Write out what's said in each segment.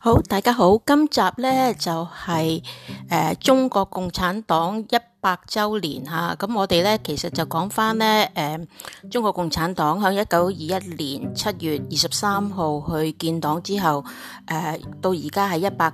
好，大家好，今集呢就係、是、誒、呃、中國共產黨一百周年吓，咁、啊、我哋呢其實就講翻呢誒，中國共產黨喺一九二一年七月二十三號去建黨之後，誒、呃、到而家係一百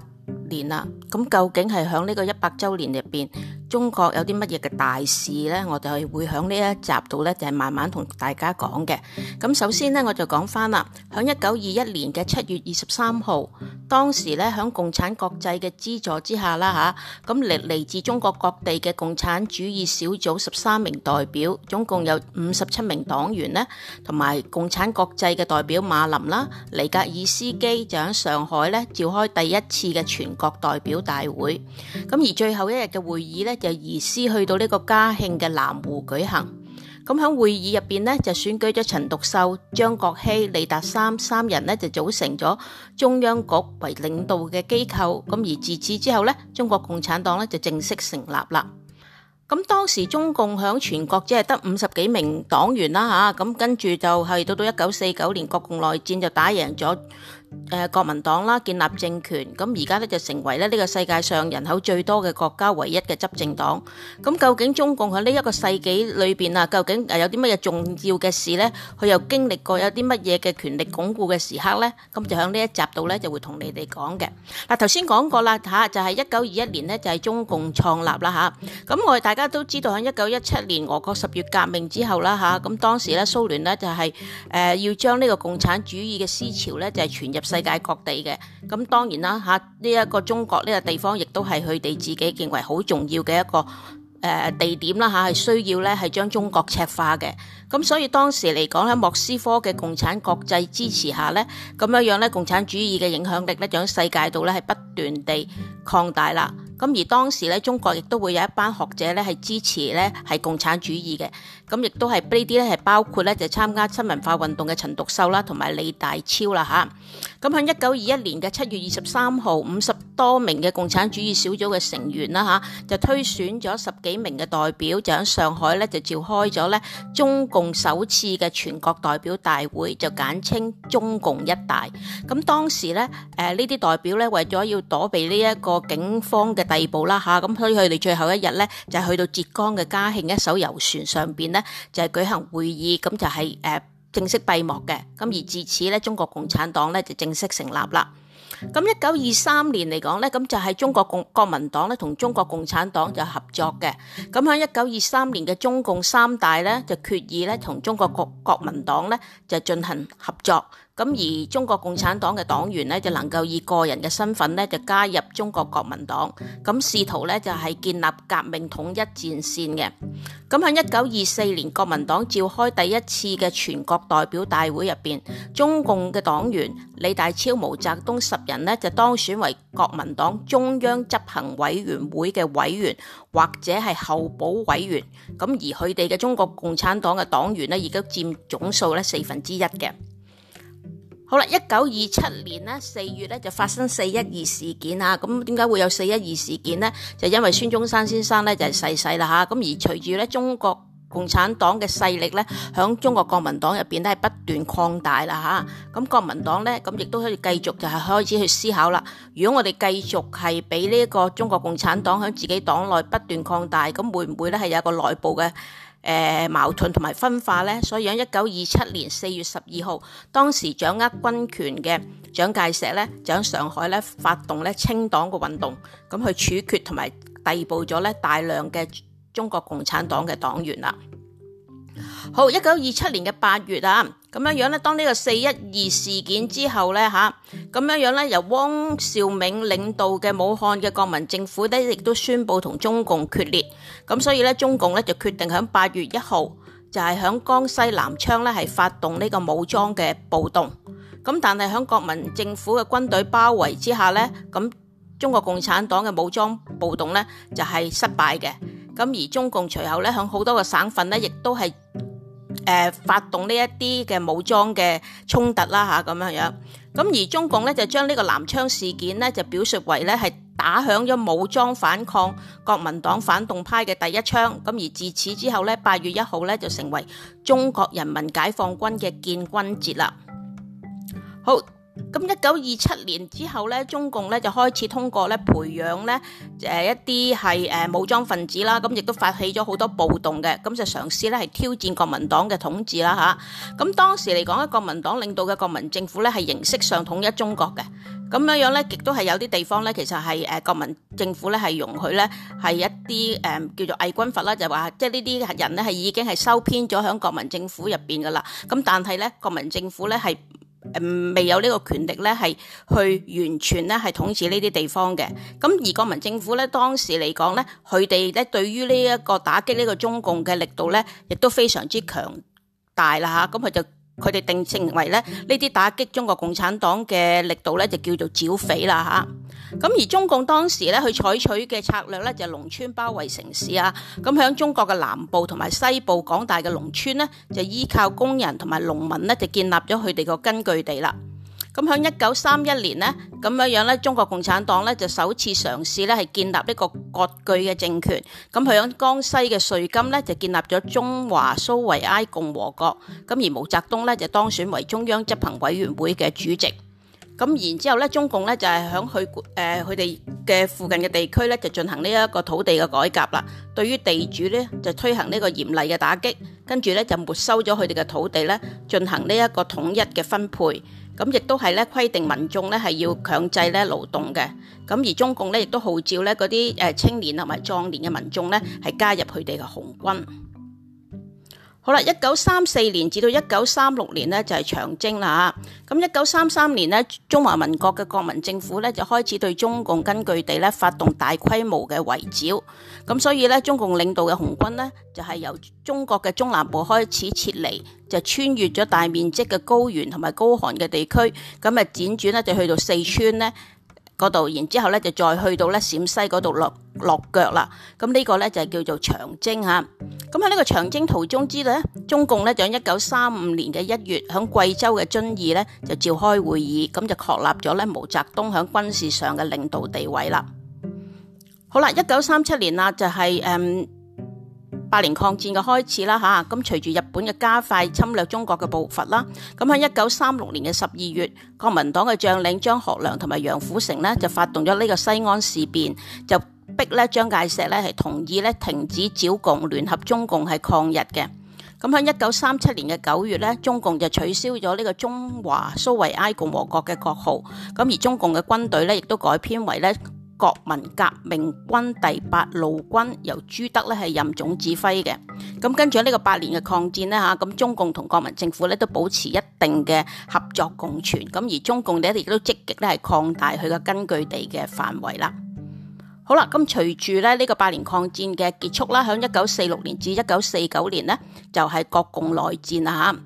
年啦，咁究竟係響呢個一百周年入邊，中國有啲乜嘢嘅大事呢？我哋係會響呢一集度呢，就係慢慢同大家講嘅。咁首先呢，我就講翻啦，響一九二一年嘅七月二十三號，當時呢，響共產國際嘅資助之下啦吓，咁嚟嚟自中國各地嘅共產主義小組十三名代表，總共有五十七名黨員呢，同埋共產國際嘅代表馬林啦、尼格爾斯基就喺上海呢，召開第一次嘅全。國代表大會，咁而最後一日嘅會議呢，就移師去到呢個嘉興嘅南湖舉行。咁喺會議入邊呢，就選舉咗陳獨秀、張國燾、李達三三人呢，就組成咗中央局為領導嘅機構。咁而自此之後呢，中國共產黨呢，就正式成立啦。咁當時中共響全國只係得五十幾名黨員啦吓，咁跟住就係到到一九四九年國共內戰就打贏咗。誒，國民黨啦，建立政權，咁而家咧就成為咧呢個世界上人口最多嘅國家唯一嘅執政黨。咁究竟中共喺呢一個世紀裏邊啊，究竟有啲乜嘢重要嘅事呢？佢又經歷過有啲乜嘢嘅權力鞏固嘅時刻呢？咁就喺呢一集度呢，就會同你哋講嘅。嗱，頭先講過啦，吓就係一九二一年呢，就係中共創立啦吓。咁我哋大家都知道喺一九一七年俄國十月革命之後啦吓，咁當時咧蘇聯呢，就係誒要將呢個共產主義嘅思潮呢，就係傳入。世界各地嘅，咁當然啦吓，呢、啊、一、這個中國呢個地方亦都係佢哋自己認為好重要嘅一個誒、呃、地點啦吓，係、啊、需要咧係將中國赤化嘅。咁所以當時嚟講喺莫斯科嘅共產國際支持下咧，咁樣樣咧共產主義嘅影響力咧就喺世界度咧係不斷地擴大啦。咁而當時咧中國亦都會有一班學者咧係支持咧係共產主義嘅。咁亦都係呢啲咧係包括咧就參加新文化運動嘅陳獨秀啦同埋李大釗啦吓，咁響一九二一年嘅七月二十三號五十多名嘅共產主義小組嘅成員啦吓就推選咗十幾名嘅代表，就響上海咧就召開咗咧中共。首次嘅全國代表大會就簡稱中共一大，咁當時咧，誒呢啲代表咧為咗要躲避呢一個警方嘅逮捕啦吓，咁、啊、所以佢哋最後一日咧就係去到浙江嘅嘉興一艘遊船上邊咧就係舉行會議，咁就係、是、誒、呃、正式閉幕嘅，咁而至此咧中國共產黨咧就正式成立啦。咁一九二三年嚟講咧，咁就係中國共國民黨咧同中國共產黨就合作嘅。咁喺一九二三年嘅中共三大咧，就決議咧同中國國國民黨咧就進行合作。咁而中國共產黨嘅黨員呢，就能夠以個人嘅身份呢，就加入中國國民黨，咁試圖呢，就係建立革命統一戰線嘅。咁喺一九二四年國民黨召開第一次嘅全國代表大會入邊，中共嘅黨員李大釗、毛澤東十人呢，就當選為國民黨中央執行委員會嘅委員或者係候補委員。咁而佢哋嘅中國共產黨嘅黨員呢，已經佔總數呢四分之一嘅。好啦，一九二七年呢四月咧，就發生四一二事件啊，咁點解會有四一二事件呢？就因為孫中山先生咧，就係逝世啦吓，咁而隨住咧中國共產黨嘅勢力咧響中國國民黨入邊咧係不斷擴大啦吓，咁國民黨咧，咁亦都可以繼續就係開始去思考啦，如果我哋繼續係俾呢一個中國共產黨響自己黨內不斷擴大，咁會唔會咧係有一個內部嘅？誒矛盾同埋分化咧，所以喺一九二七年四月十二號，當時掌握軍權嘅蔣介石咧，就喺上海咧發動咧清黨嘅運動，咁去處決同埋逮捕咗咧大量嘅中國共產黨嘅黨員啦。好，一九二七年嘅八月啊，咁樣樣咧，當呢個四一二事件之後咧吓咁樣樣咧，由汪兆銘領導嘅武漢嘅國民政府咧，亦都宣布同中共決裂。咁所以咧，中共咧就決定喺八月一號就係喺江西南昌咧係發動呢個武裝嘅暴動。咁但係喺國民政府嘅軍隊包圍之下咧，咁中國共產黨嘅武裝暴動咧就係失敗嘅。咁而中共隨後咧喺好多個省份咧，亦都係誒發動呢一啲嘅武裝嘅衝突啦嚇咁樣樣。咁而中共咧就將呢個南昌事件咧就表述為咧係，打響咗武裝反抗國民黨反動派嘅第一槍，咁而自此之後呢，八月一號呢就成為中國人民解放軍嘅建軍節啦。好。咁一九二七年之後咧，中共咧就開始通過咧培養咧誒一啲係誒武裝分子啦，咁亦都發起咗好多暴動嘅，咁就嘗試咧係挑戰國民黨嘅統治啦吓。咁當時嚟講，咧國民黨領導嘅國民政府咧係形式上統一中國嘅，咁樣樣咧，亦都係有啲地方咧，其實係誒國民政府咧係容許咧係一啲誒叫做偽軍閥啦，就話即係呢啲人咧係已經係收編咗響國民政府入邊噶啦。咁但係咧，國民政府咧係。嗯，未有呢個權力咧，係去完全咧係統治呢啲地方嘅。咁而國民政府咧，當時嚟講咧，佢哋咧對於呢一個打擊呢個中共嘅力度咧，亦都非常之強大啦吓。咁佢就佢哋定性為咧呢啲打擊中國共產黨嘅力度咧就叫做剿匪啦吓，咁而中共當時咧佢採取嘅策略咧就係農村包圍城市啊，咁響中國嘅南部同埋西部廣大嘅農村咧就依靠工人同埋農民咧就建立咗佢哋個根據地啦。咁喺一九三一年呢，咁樣樣咧，中國共產黨咧就首次嘗試咧係建立呢個割據嘅政權。咁佢喺江西嘅瑞金咧就建立咗中華蘇維埃共和國。咁而毛澤東咧就當選為中央執行委員會嘅主席。咁然之後咧，中共咧就係喺佢佢哋嘅附近嘅地區咧就進行呢一個土地嘅改革啦。對於地主咧就推行呢個嚴厲嘅打擊，跟住咧就沒收咗佢哋嘅土地咧，進行呢一個統一嘅分配。咁亦都係規定民眾咧係要強制咧勞動嘅，咁而中共咧亦都號召嗰啲青年同埋壯年嘅民眾咧係加入佢哋嘅紅軍。好啦，一九三四年至到一九三六年呢，就係長征啦，咁一九三三年呢，中華民國嘅國民政府呢，就開始對中共根據地呢，發動大規模嘅圍剿，咁所以呢，中共領導嘅紅軍呢，就係由中國嘅中南部開始撤離，就穿越咗大面積嘅高原同埋高寒嘅地區，咁啊輾轉呢，就去到四川呢度，然之後咧就再去到咧陝西嗰度落落腳啦。咁呢個咧就係叫做長征嚇。咁喺呢個長征途中之咧，中共咧喺一九三五年嘅一月喺貴州嘅遵義咧就召開會議，咁就確立咗咧毛澤東喺軍事上嘅領導地位啦。好啦，一九三七年啦，就係、是、誒。嗯八年抗戰嘅開始啦吓，咁隨住日本嘅加快侵略中國嘅步伐啦，咁喺一九三六年嘅十二月，國民黨嘅將領張學良同埋楊虎城呢，就發動咗呢個西安事變，就逼咧蔣介石咧係同意咧停止剿共，聯合中共係抗日嘅。咁喺一九三七年嘅九月咧，中共就取消咗呢個中華蘇維埃共和國嘅國號，咁而中共嘅軍隊咧亦都改編為咧。國民革命軍第八路軍由朱德咧係任總指揮嘅，咁跟住呢個八年嘅抗戰呢，吓，咁中共同國民政府咧都保持一定嘅合作共存，咁而中共咧亦都積極咧係擴大佢嘅根據地嘅範圍啦。好啦，咁隨住咧呢個八年抗戰嘅結束啦，喺一九四六年至一九四九年呢，就係、是、國共內戰啦吓。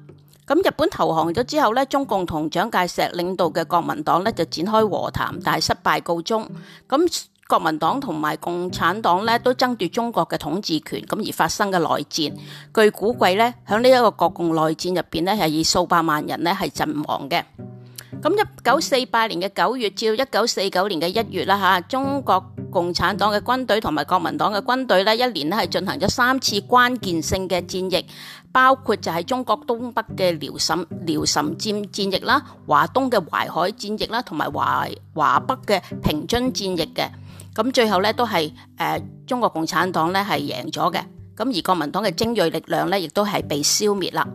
咁日本投降咗之後呢，中共同蔣介石領導嘅國民黨呢就展開和談，但係失敗告終。咁國民黨同埋共產黨呢都爭奪中國嘅統治權，咁而發生嘅內戰。據估計呢，喺呢一個國共內戰入邊呢，係以數百萬人呢係陣亡嘅。咁一九四八年嘅九月至到一九四九年嘅一月啦吓，中國共產黨嘅軍隊同埋國民黨嘅軍隊呢，一年呢係進行咗三次關鍵性嘅戰役。包括就係中國東北嘅遼瀋遼瀋戰戰役啦，華東嘅淮海戰役啦，同埋華華北嘅平津戰役嘅，咁最後咧都係誒、呃、中國共產黨咧係贏咗嘅，咁而國民黨嘅精銳力量咧亦都係被消滅啦。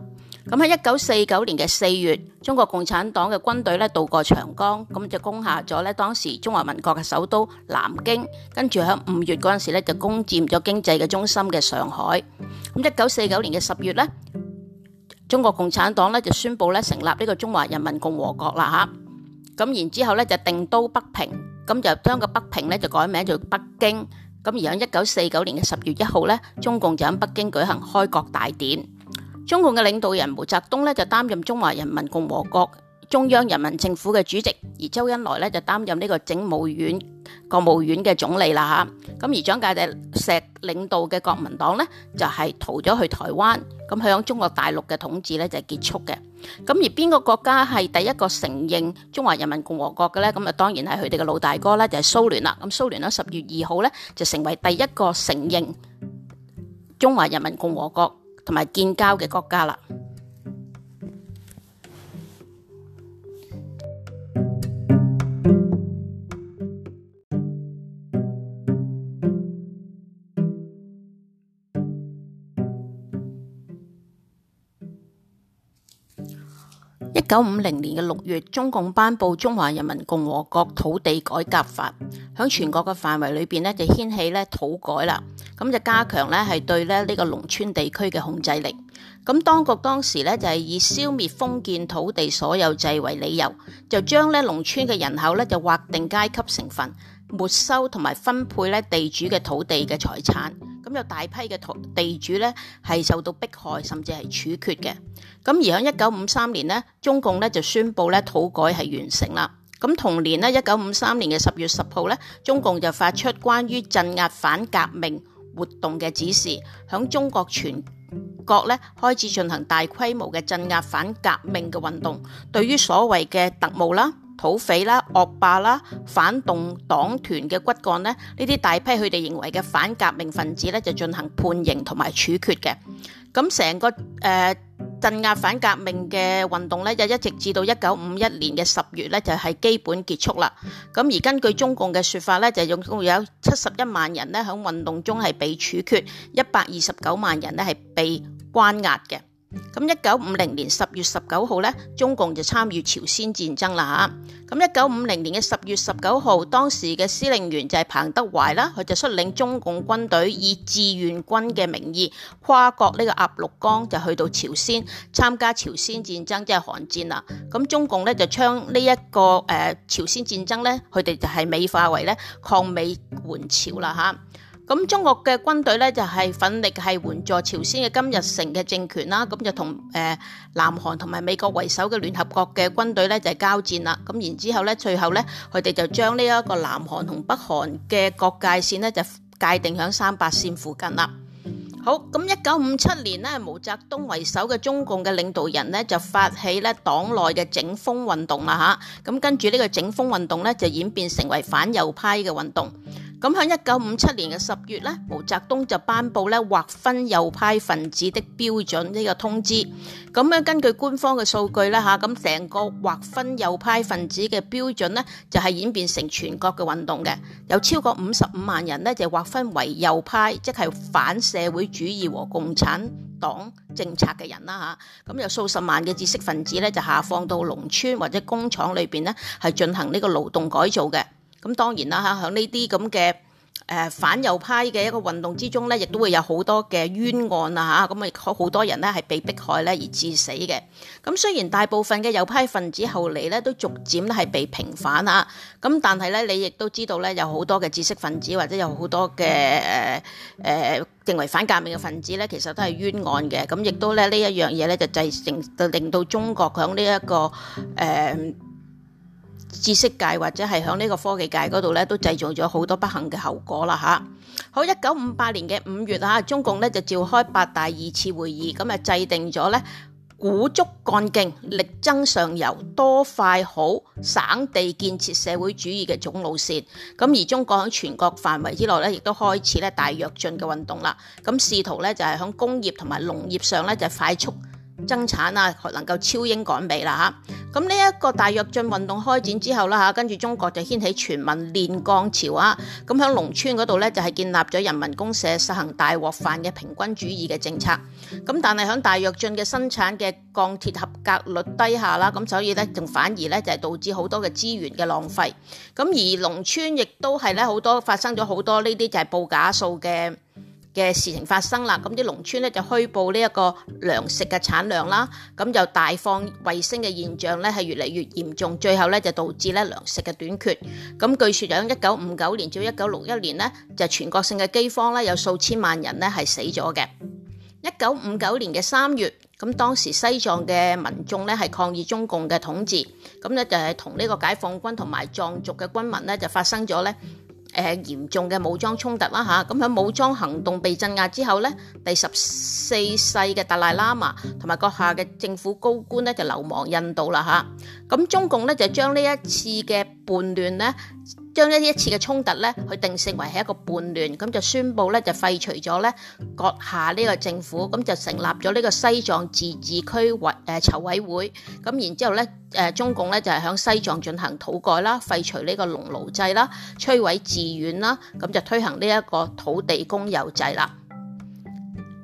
咁喺一九四九年嘅四月，中國共產黨嘅軍隊咧渡過長江，咁就攻下咗咧當時中華民國嘅首都南京，跟住喺五月嗰陣時咧就攻佔咗經濟嘅中心嘅上海。咁一九四九年嘅十月咧，中國共產黨咧就宣布咧成立呢個中華人民共和國啦嚇。咁然之後咧就定都北平，咁就將個北平咧就改名做北京。咁而喺一九四九年嘅十月一號咧，中共就喺北京舉行開國大典。中共嘅領導人毛澤東呢，就擔任中華人民共和國中央人民政府嘅主席，而周恩來呢，就擔任呢個政務院、國務院嘅總理啦吓。咁而蔣介石領導嘅國民黨呢，就係逃咗去台灣，咁響中國大陸嘅統治呢，就結束嘅。咁而邊個國家係第一個承認中華人民共和國嘅呢？咁啊，當然係佢哋嘅老大哥啦，就係蘇聯啦。咁蘇聯喺十月二號呢，就成為第一個承認中華人民共和國。同埋建交嘅國家啦。一九五零年嘅六月，中共頒布《中華人民共和國土地改革法》，響全國嘅範圍裏邊咧就掀起咧土改啦，咁就加強咧係對咧呢個農村地區嘅控制力。咁當局當時咧就係以消滅封建土地所有制為理由，就將咧農村嘅人口咧就劃定階級成分。沒收同埋分配咧地主嘅土地嘅財產，咁有大批嘅土地主咧係受到迫害，甚至係處決嘅。咁而喺一九五三年呢，中共咧就宣佈咧土改係完成啦。咁同年呢，一九五三年嘅十月十號咧，中共就發出關於鎮壓反革命。活動嘅指示，響中國全國咧開始進行大規模嘅鎮壓反革命嘅運動，對於所謂嘅特務啦、土匪啦、惡霸啦、反動黨團嘅骨幹呢，呢啲大批佢哋認為嘅反革命分子咧，就進行判刑同埋處決嘅，咁成個誒。鎮壓反革命嘅運動咧，就一直至到一九五一年嘅十月咧，就係基本結束啦。咁而根據中共嘅説法咧，就總共有七十一萬人咧，喺運動中係被處決，一百二十九萬人咧係被關押嘅。咁一九五零年十月十九號咧，中共就參與朝鮮戰爭啦吓。咁一九五零年嘅十月十九號，當時嘅司令員就係彭德懷啦，佢就率領中共軍隊以志願軍嘅名義，跨過呢個鴨綠江，就去到朝鮮參加朝鮮戰爭，即係韓戰啦。咁中共咧就將呢一個誒朝鮮戰爭咧，佢哋就係美化為咧抗美援朝啦吓。咁中國嘅軍隊呢，就係奮力係援助朝鮮嘅金日成嘅政權啦，咁就同誒南韓同埋美國為首嘅聯合國嘅軍隊呢，就係交戰啦。咁然之後呢，最後呢，佢哋就將呢一個南韓同北韓嘅國界線呢，就界定喺三八線附近啦。好，咁一九五七年呢，毛澤東為首嘅中共嘅領導人呢，就發起呢黨內嘅整風運動啦吓，咁跟住呢個整風運動呢，就演變成為反右派嘅運動。咁喺一九五七年嘅十月咧，毛澤東就頒布咧劃分右派分子的標準呢個通知。咁樣根據官方嘅數據啦，吓咁成個劃分右派分子嘅標準咧，就係演變成全國嘅運動嘅。有超過五十五萬人咧就劃分為右派，即係反社會主義和共產黨政策嘅人啦，吓。咁有數十萬嘅知識分子咧就下放到農村或者工廠裏邊咧，係進行呢個勞動改造嘅。咁當然啦、啊、嚇，響呢啲咁嘅誒反右派嘅一個運動之中咧，亦都會有好多嘅冤案啊，嚇，咁啊好好多人咧係被迫害咧而致死嘅。咁、嗯、雖然大部分嘅右派分子後嚟咧都逐漸咧係被平反啊，咁、啊、但係咧你亦都知道咧有好多嘅知識分子或者有好多嘅誒誒認為反革命嘅分子咧，其實都係冤案嘅。咁、嗯、亦都咧呢一樣嘢咧就製成就令到中國響呢一個誒。呃知識界或者係喺呢個科技界嗰度咧，都製造咗好多不幸嘅後果啦吓，好，一九五八年嘅五月吓，中共咧就召開八大二次會議，咁啊制定咗咧鼓足幹勁，力爭上游，多快好省地建設社會主義嘅總路線。咁而中國喺全國範圍之內咧，亦都開始咧大躍進嘅運動啦。咁試圖咧就係喺工業同埋農業上咧就快速。增產啊，能夠超英趕美啦嚇！咁呢一個大躍進運動開展之後啦嚇，跟住中國就掀起全民煉鋼潮啊！咁喺農村嗰度咧，就係建立咗人民公社，實行大鍋飯嘅平均主義嘅政策。咁但係喺大躍進嘅生產嘅鋼鐵合格率低下啦，咁所以咧仲反而咧就係導致好多嘅資源嘅浪費。咁而農村亦都係咧好多發生咗好多呢啲就係報假數嘅嘅事情發生啦，咁啲農村咧就虛報呢一個糧食嘅產量啦，咁就大放衛星嘅現象咧係越嚟越嚴重，最後咧就導致咧糧食嘅短缺。咁據說喺一九五九年至一九六一年呢，就是、全國性嘅饑荒咧有數千萬人呢係死咗嘅。一九五九年嘅三月，咁當時西藏嘅民眾咧係抗議中共嘅統治，咁咧就係同呢個解放軍同埋藏族嘅軍民咧就發生咗咧。呃、嚴重嘅武裝衝突啦，喺、啊、武裝行動被鎮壓之後呢，第十四世嘅達賴喇嘛同埋閣下嘅政府高官呢就流亡印度啦、啊、中共咧就將呢一次嘅叛亂呢將呢一次嘅衝突咧，佢定性為係一個叛亂，咁就宣布咧就廢除咗咧閣下呢個政府，咁就成立咗呢個西藏自治區委誒籌委會。咁然之後咧誒中共咧就係響西藏進行土改啦，廢除呢個農奴制啦，摧毀寺院啦，咁就推行呢一個土地公有制啦。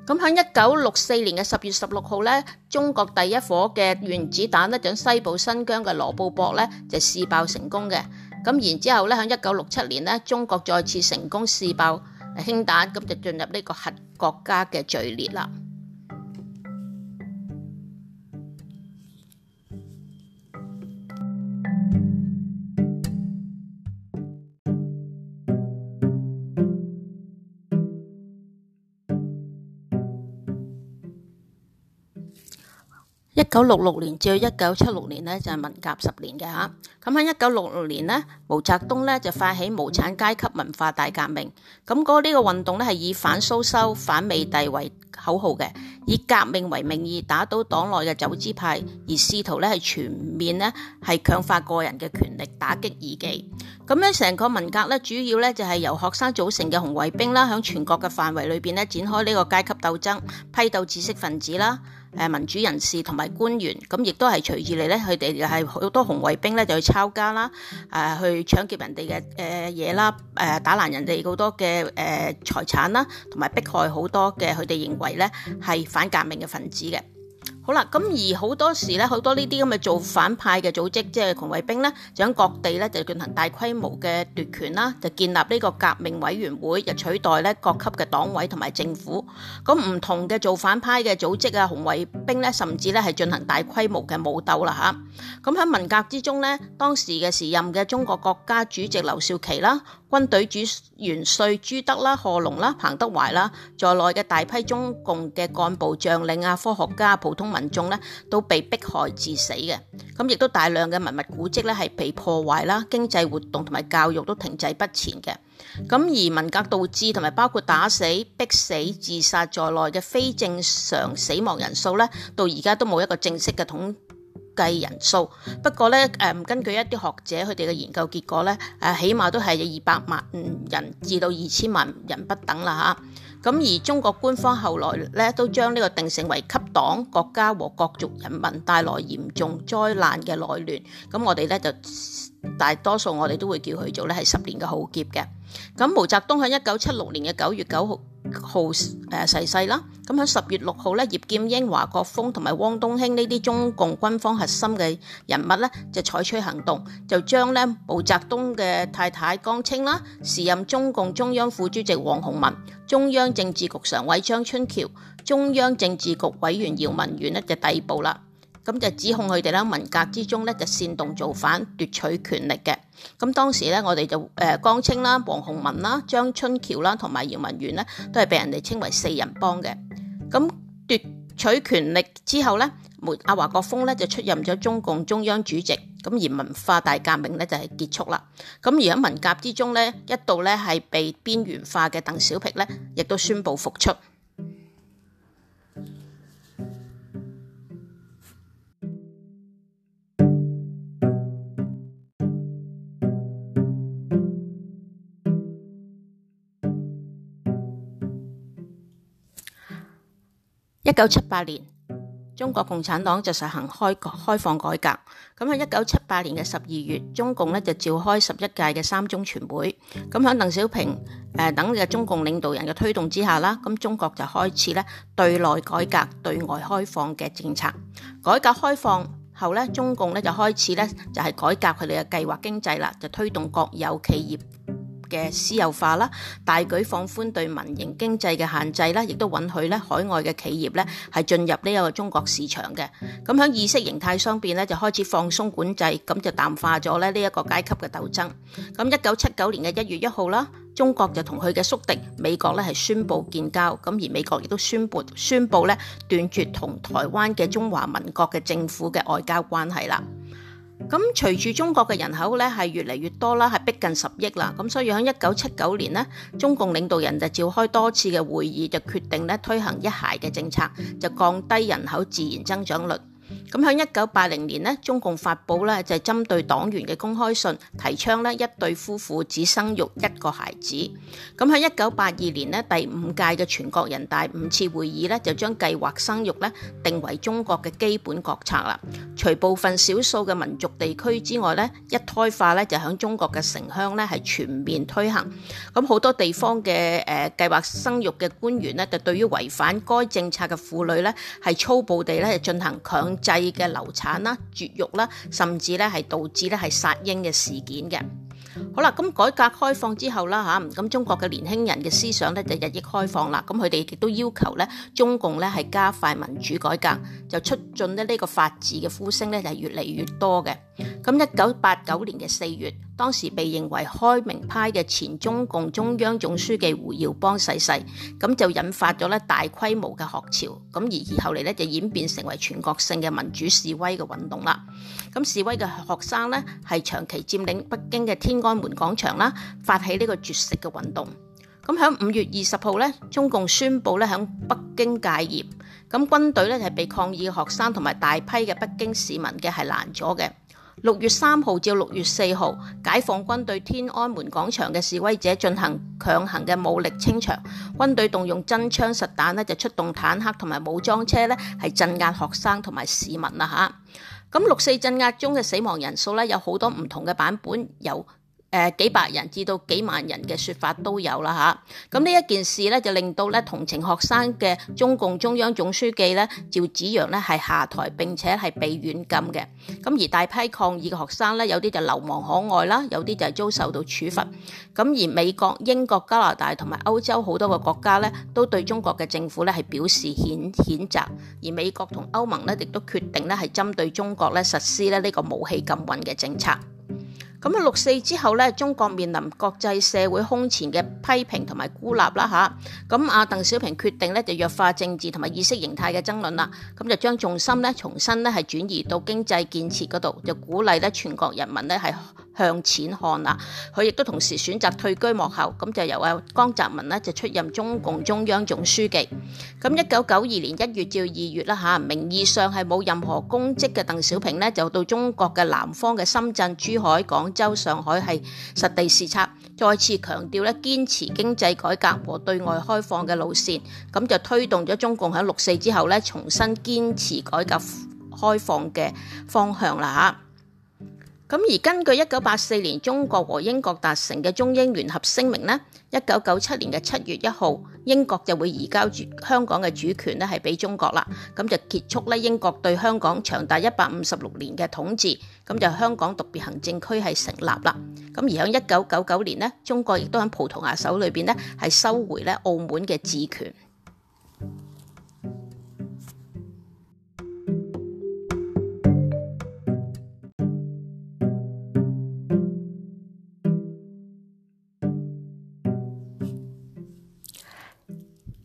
咁響一九六四年嘅十月十六號咧，中國第一顆嘅原子彈呢，喺西部新疆嘅羅布泊咧就試爆成功嘅。咁然之後呢，喺一九六七年呢，中國再次成功試爆氫彈，咁就進入呢個核國家嘅序列啦。九六六年至到一九七六年呢，就係文革十年嘅吓，咁喺一九六六年呢，毛澤東呢就發起無產階級文化大革命。咁嗰呢個運動呢，係以反蘇修、反美帝為口號嘅，以革命為名義打倒黨內嘅走資派，而試圖呢係全面呢，係強化個人嘅權力，打擊異己。咁呢成個文革呢，主要呢就係由學生組成嘅紅衛兵啦，響全國嘅範圍裏邊呢，展開呢個階級鬥爭，批鬥知識分子啦。誒、民主人士同埋官員咁，亦都係隨住你咧，佢哋又係好多紅衛兵咧，就去抄家啦，誒、啊、去搶劫人哋嘅誒嘢啦，誒、呃、打爛人哋好多嘅誒、呃、財產啦，同埋迫害好多嘅佢哋認為咧係反革命嘅分子嘅。好啦，咁而好多時咧，好多呢啲咁嘅造反派嘅組織，即係紅衛兵呢，就響各地呢，就進行大規模嘅奪權啦，就建立呢個革命委員會，就取代呢各級嘅黨委同埋政府。咁唔同嘅造反派嘅組織啊，紅衛兵呢，甚至呢係進行大規模嘅武鬥啦嚇。咁喺文革之中呢，當時嘅時任嘅中國國家主席劉少奇啦，軍隊主元帥朱德啦、賀龍啦、彭德懷啦，在內嘅大批中共嘅幹部將領啊、科學家、普通民眾咧都被迫害致死嘅，咁亦都大量嘅文物古蹟咧係被破壞啦，經濟活動同埋教育都停滯不前嘅。咁而文革導致同埋包括打死、逼死、自殺在內嘅非正常死亡人數咧，到而家都冇一個正式嘅統計人數。不過咧，誒根據一啲學者佢哋嘅研究結果咧，誒起碼都係二百萬人至到二千萬人不等啦嚇。咁而中國官方後來呢，都將呢個定性為給黨、國家和各族人民帶來嚴重災難嘅內亂。咁我哋呢，就大多數我哋都會叫佢做呢係十年嘅浩劫嘅。咁毛澤東喺一九七六年嘅九月九號號誒逝世啦。咁喺十月六號呢，葉劍英、華國鋒同埋汪東興呢啲中共軍方核心嘅人物呢，就採取行動，就將呢毛澤東嘅太太江青啦，時任中共中央副主席王洪文、中央政治局常委張春橋、中央政治局委員姚文元呢，就逮捕啦。咁就指控佢哋啦，文革之中咧就煽動造反，奪取權力嘅。咁當時咧，我哋就誒江青啦、王洪文啦、張春橋啦同埋姚文元咧，都係被人哋稱為四人幫嘅。咁奪取權力之後咧，沒阿華國鋒咧就出任咗中共中央主席。咁而文化大革命咧就係結束啦。咁而喺文革之中咧，一度咧係被邊緣化嘅鄧小平咧，亦都宣布復出。一九七八年，中國共產黨就實行開放改革。咁喺一九七八年嘅十二月，中共咧就召開十一屆嘅三中全會。咁喺鄧小平誒等嘅中共領導人嘅推動之下啦，咁中國就開始咧對內改革、對外開放嘅政策。改革開放後咧，中共咧就開始咧就係改革佢哋嘅計劃經濟啦，就推動國有企業。嘅私有化啦，大舉放寬對民營經濟嘅限制啦，亦都允許咧海外嘅企業咧係進入呢一個中國市場嘅。咁喺意識形態上邊咧就開始放鬆管制，咁就淡化咗咧呢一個階級嘅鬥爭。咁一九七九年嘅一月一號啦，中國就同佢嘅宿敵美國咧係宣布建交，咁而美國亦都宣布宣布咧斷絕同台灣嘅中華民國嘅政府嘅外交關係啦。咁隨住中國嘅人口咧係越嚟越多啦，係逼近十億啦，咁所以喺一九七九年咧，中共領導人就召開多次嘅會議，就決定咧推行一孩嘅政策，就降低人口自然增長率。咁響一九八零年呢，中共發布呢就係針對黨員嘅公開信，提倡呢一對夫婦只生育一個孩子。咁喺一九八二年呢，第五屆嘅全國人大五次會議呢，就將計劃生育呢定為中國嘅基本國策啦。除部分少數嘅民族地區之外呢，一胎化呢就響中國嘅城鄉呢係全面推行。咁好多地方嘅誒、呃、計劃生育嘅官員呢，就對於違反該政策嘅婦女呢，係粗暴地呢進行強制嘅流產啦、絕育啦，甚至咧係導致咧係殺嬰嘅事件嘅。好啦，咁改革開放之後啦吓，咁中國嘅年輕人嘅思想咧就日益開放啦，咁佢哋亦都要求咧中共咧係加快民主改革，就促進咧呢個法治嘅呼聲咧係越嚟越多嘅。咁一九八九年嘅四月，當時被認為開明派嘅前中共中央總書記胡耀邦逝世，咁就引發咗咧大規模嘅學潮，咁而後嚟咧就演變成為全國性嘅民主示威嘅運動啦。咁示威嘅學生咧係長期佔領北京嘅天安門廣場啦，發起呢個絕食嘅運動。咁喺五月二十號咧，中共宣布咧喺北京戒嚴，咁軍隊咧係被抗議學生同埋大批嘅北京市民嘅係攔咗嘅。六月三號至六月四號，解放軍對天安門廣場嘅示威者進行強行嘅武力清場，軍隊動用真槍實彈咧就出動坦克同埋武裝車咧係鎮壓學生同埋市民啦嚇。咁六四鎮壓中嘅死亡人數咧，有好多唔同嘅版本，有。誒幾百人至到幾萬人嘅說法都有啦吓，咁呢一件事呢，就令到咧同情學生嘅中共中央總書記呢，趙紫陽呢，係下台並且係被軟禁嘅，咁而大批抗議嘅學生呢，有啲就流亡海外啦，有啲就遭受到處罰，咁而美國、英國、加拿大同埋歐洲好多個國家呢，都對中國嘅政府呢，係表示譴譴責，而美國同歐盟呢，亦都決定呢，係針對中國呢實施呢個武器禁運嘅政策。咁六四之後呢，中國面臨國際社會空前嘅批評同埋孤立啦嚇。咁阿鄧小平決定呢，就弱化政治同埋意識形態嘅爭論啦，咁就將重心呢，重新呢，係轉移到經濟建設嗰度，就鼓勵呢全國人民呢，係。向前看啦，佢亦都同時選擇退居幕後，咁就由阿江澤民呢就出任中共中央總書記。咁一九九二年一月至二月啦嚇，名義上係冇任何公職嘅鄧小平呢，就到中國嘅南方嘅深圳、珠海、廣州、上海係實地視察，再次強調咧堅持經濟改革和對外開放嘅路線，咁就推動咗中共喺六四之後咧重新堅持改革開放嘅方向啦嚇。咁而根據一九八四年中國和英國達成嘅中英聯合聲明呢，一九九七年嘅七月一號，英國就會移交住香港嘅主權咧，係俾中國啦，咁就結束咧英國對香港長達一百五十六年嘅統治，咁就香港特別行政區係成立啦。咁而喺一九九九年呢，中國亦都喺葡萄牙手裏邊呢係收回咧澳門嘅治權。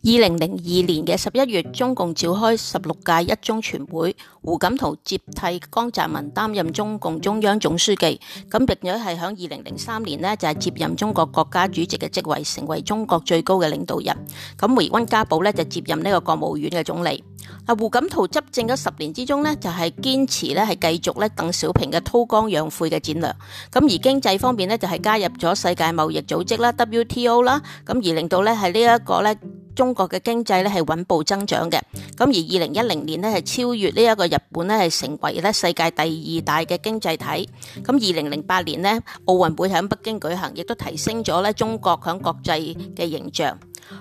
二零零二年嘅十一月，中共召開十六屆一中全會，胡錦濤接替江澤民擔任中共中央總書記。咁並且係喺二零零三年呢，就係接任中國國家主席嘅職位，成為中國最高嘅領導人。咁梅溫家寶呢，就接任呢個國務院嘅總理。嗱，胡錦濤執政咗十年之中呢，就係、是、堅持呢，係繼續呢鄧小平嘅韜光養晦嘅戰略。咁而經濟方面呢，就係加入咗世界貿易組織啦 （WTO） 啦，咁而令到呢，係呢一個呢。中國嘅經濟咧係穩步增長嘅，咁而二零一零年咧係超越呢一個日本咧，係成為咧世界第二大嘅經濟體。咁二零零八年咧奧運會喺北京舉行，亦都提升咗咧中國喺國際嘅形象。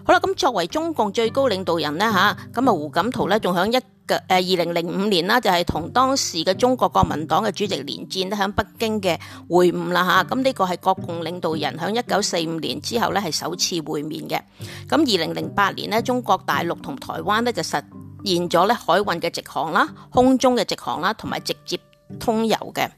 好啦，咁作為中共最高領導人呢，吓咁啊，胡錦濤咧仲喺一嘅誒二零零五年啦，就係同當時嘅中國國民黨嘅主席連戰呢喺北京嘅會晤啦，嚇咁呢個係國共領導人喺一九四五年之後咧係首次會面嘅。咁二零零八年呢，中國大陸同台灣咧就實現咗咧海運嘅直航啦、空中嘅直航啦，同埋直接通遊嘅。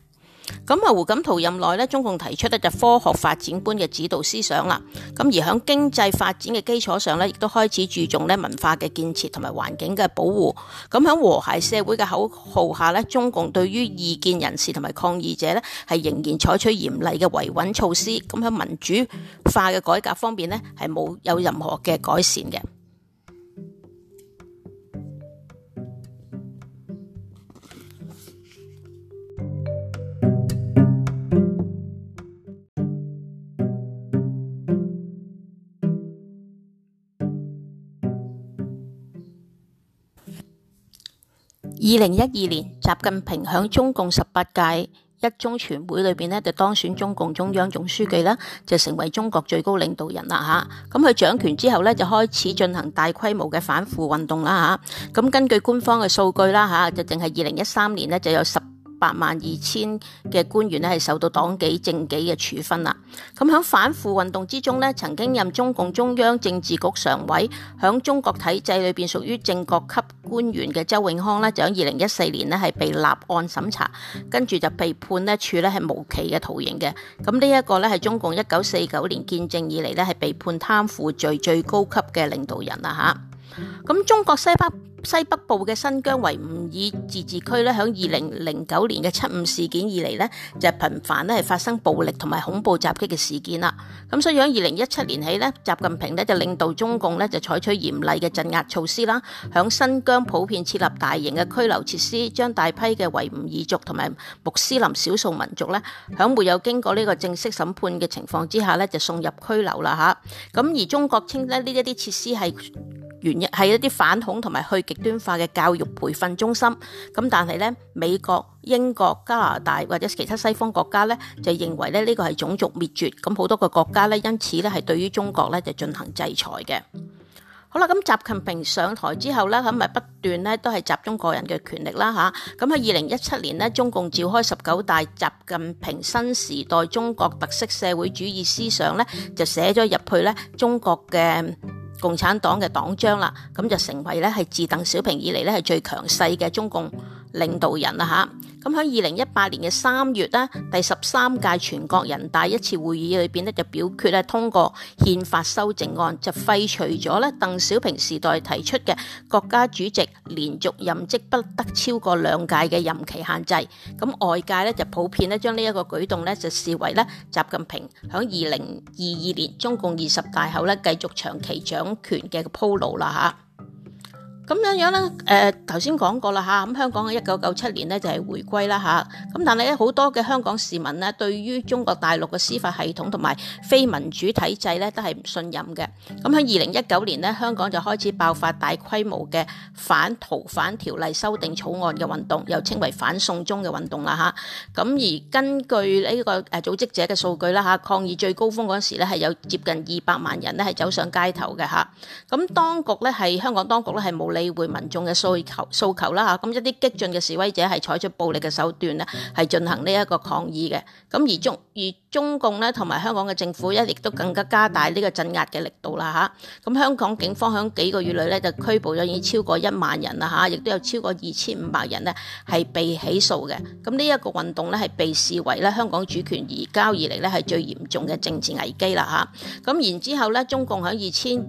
咁啊，胡錦濤任內咧，中共提出咧就科學發展觀嘅指導思想啦。咁而喺經濟發展嘅基礎上咧，亦都開始注重咧文化嘅建設同埋環境嘅保護。咁喺和諧社會嘅口號下咧，中共對於異見人士同埋抗議者咧係仍然採取嚴厲嘅維穩措施。咁喺民主化嘅改革方面咧，係冇有任何嘅改善嘅。二零一二年，習近平喺中共十八屆一中全會裏面呢就當選中共中央總書記呢就成為中國最高領導人啦吓。咁佢掌權之後呢就開始進行大規模嘅反腐運動啦吓。咁根據官方嘅數據啦吓，就淨係二零一三年呢就有十。八萬二千嘅官員咧係受到黨紀政紀嘅處分啦。咁喺反腐運動之中咧，曾經任中共中央政治局常委，喺中國體制裏邊屬於正國級官員嘅周永康咧，就喺二零一四年咧係被立案審查，跟住就被判咧處咧係無期嘅徒刑嘅。咁呢一個咧係中共一九四九年建政以嚟咧係被判貪腐罪最高級嘅領導人啦嚇。咁中國西北西北部嘅新疆維吾爾自治區呢，響二零零九年嘅七五事件以嚟呢，就頻繁呢係發生暴力同埋恐怖襲擊嘅事件啦。咁所以喺二零一七年起呢，習近平呢就領導中共呢，就採取嚴厲嘅鎮壓措施啦，響新疆普遍設立大型嘅拘留設施，將大批嘅維吾爾族同埋穆斯林少數民族呢，喺沒有經過呢個正式審判嘅情況之下呢，就送入拘留啦吓。咁而中國稱呢，呢一啲設施係，原一啲反恐同埋去極端化嘅教育培訓中心，咁但係咧，美國、英國、加拿大或者其他西方國家咧，就認為咧呢個係種族滅絕，咁好多個國家咧，因此咧係對於中國咧就進行制裁嘅。好啦，咁習近平上台之後咧，咁咪不斷咧都係集中個人嘅權力啦吓，咁喺二零一七年呢，中共召開十九大，習近平新時代中國特色社會主義思想咧就寫咗入去咧中國嘅。共產黨嘅黨章啦，咁就成為咧係自鄧小平以來咧係最強勢嘅中共領導人啦嚇，咁喺二零一八年嘅三月呢，第十三屆全國人大一次會議裏邊呢，就表決咧通過憲法修正案，就廢除咗咧鄧小平時代提出嘅國家主席連續任職不得超過兩屆嘅任期限制。咁外界咧就普遍咧將呢一個舉動咧就視為咧習近平喺二零二二年中共二十大後咧繼續長期掌權嘅鋪路啦嚇。咁樣樣咧，誒頭先講過啦嚇，咁香港嘅一九九七年呢，就係回歸啦嚇。咁但係咧好多嘅香港市民呢，對於中國大陸嘅司法系統同埋非民主體制呢，都係唔信任嘅。咁喺二零一九年呢，香港就開始爆發大規模嘅反逃犯條例修訂草案嘅運動，又稱為反送中嘅運動啦嚇。咁而根據呢個誒組織者嘅數據啦嚇，抗議最高峰嗰時呢，係有接近二百萬人呢係走上街頭嘅嚇。咁當局咧係香港當局咧係冇理會民眾嘅訴求訴求啦吓，咁一啲激進嘅示威者係採取暴力嘅手段咧，係進行呢一個抗議嘅。咁而中而中共咧同埋香港嘅政府一亦都更加加大呢個鎮壓嘅力度啦吓。咁香港警方響幾個月內咧就拘捕咗已經超過一萬人啦吓，亦都有超過二千五百人呢係被起訴嘅。咁呢一個運動咧係被視為咧香港主權移交以嚟咧係最嚴重嘅政治危機啦吓。咁然之後咧中共響二千。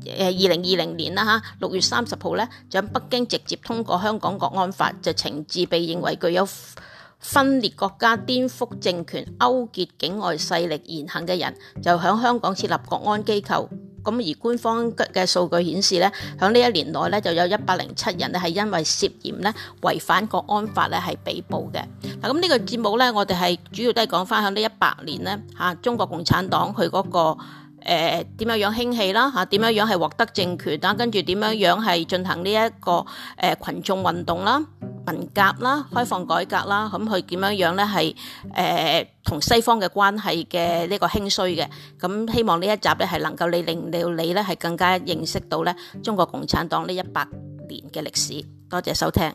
誒，二零二零年啦吓，六月三十號咧就北京直接通過香港國安法，就懲治被認為具有分裂國家、顛覆政權、勾結境外勢力言行嘅人，就喺香港設立國安機構。咁而官方嘅數據顯示咧，喺呢一年內咧就有一百零七人咧係因為涉嫌咧違反國安法咧係被捕嘅。嗱，咁呢個節目咧，我哋係主要都係講翻喺呢一百年咧吓，中國共產黨佢嗰個。誒，點樣、呃、樣興起啦吓？點樣樣係獲得政權啊？跟住點樣樣係進行呢、這、一個誒、呃、群眾運動啦、文革啦、開放改革啦？咁佢點樣樣咧係誒同西方嘅關係嘅呢個興衰嘅？咁希望呢一集咧係能夠你令到你咧係更加認識到咧中國共產黨呢一百年嘅歷史。多謝收聽。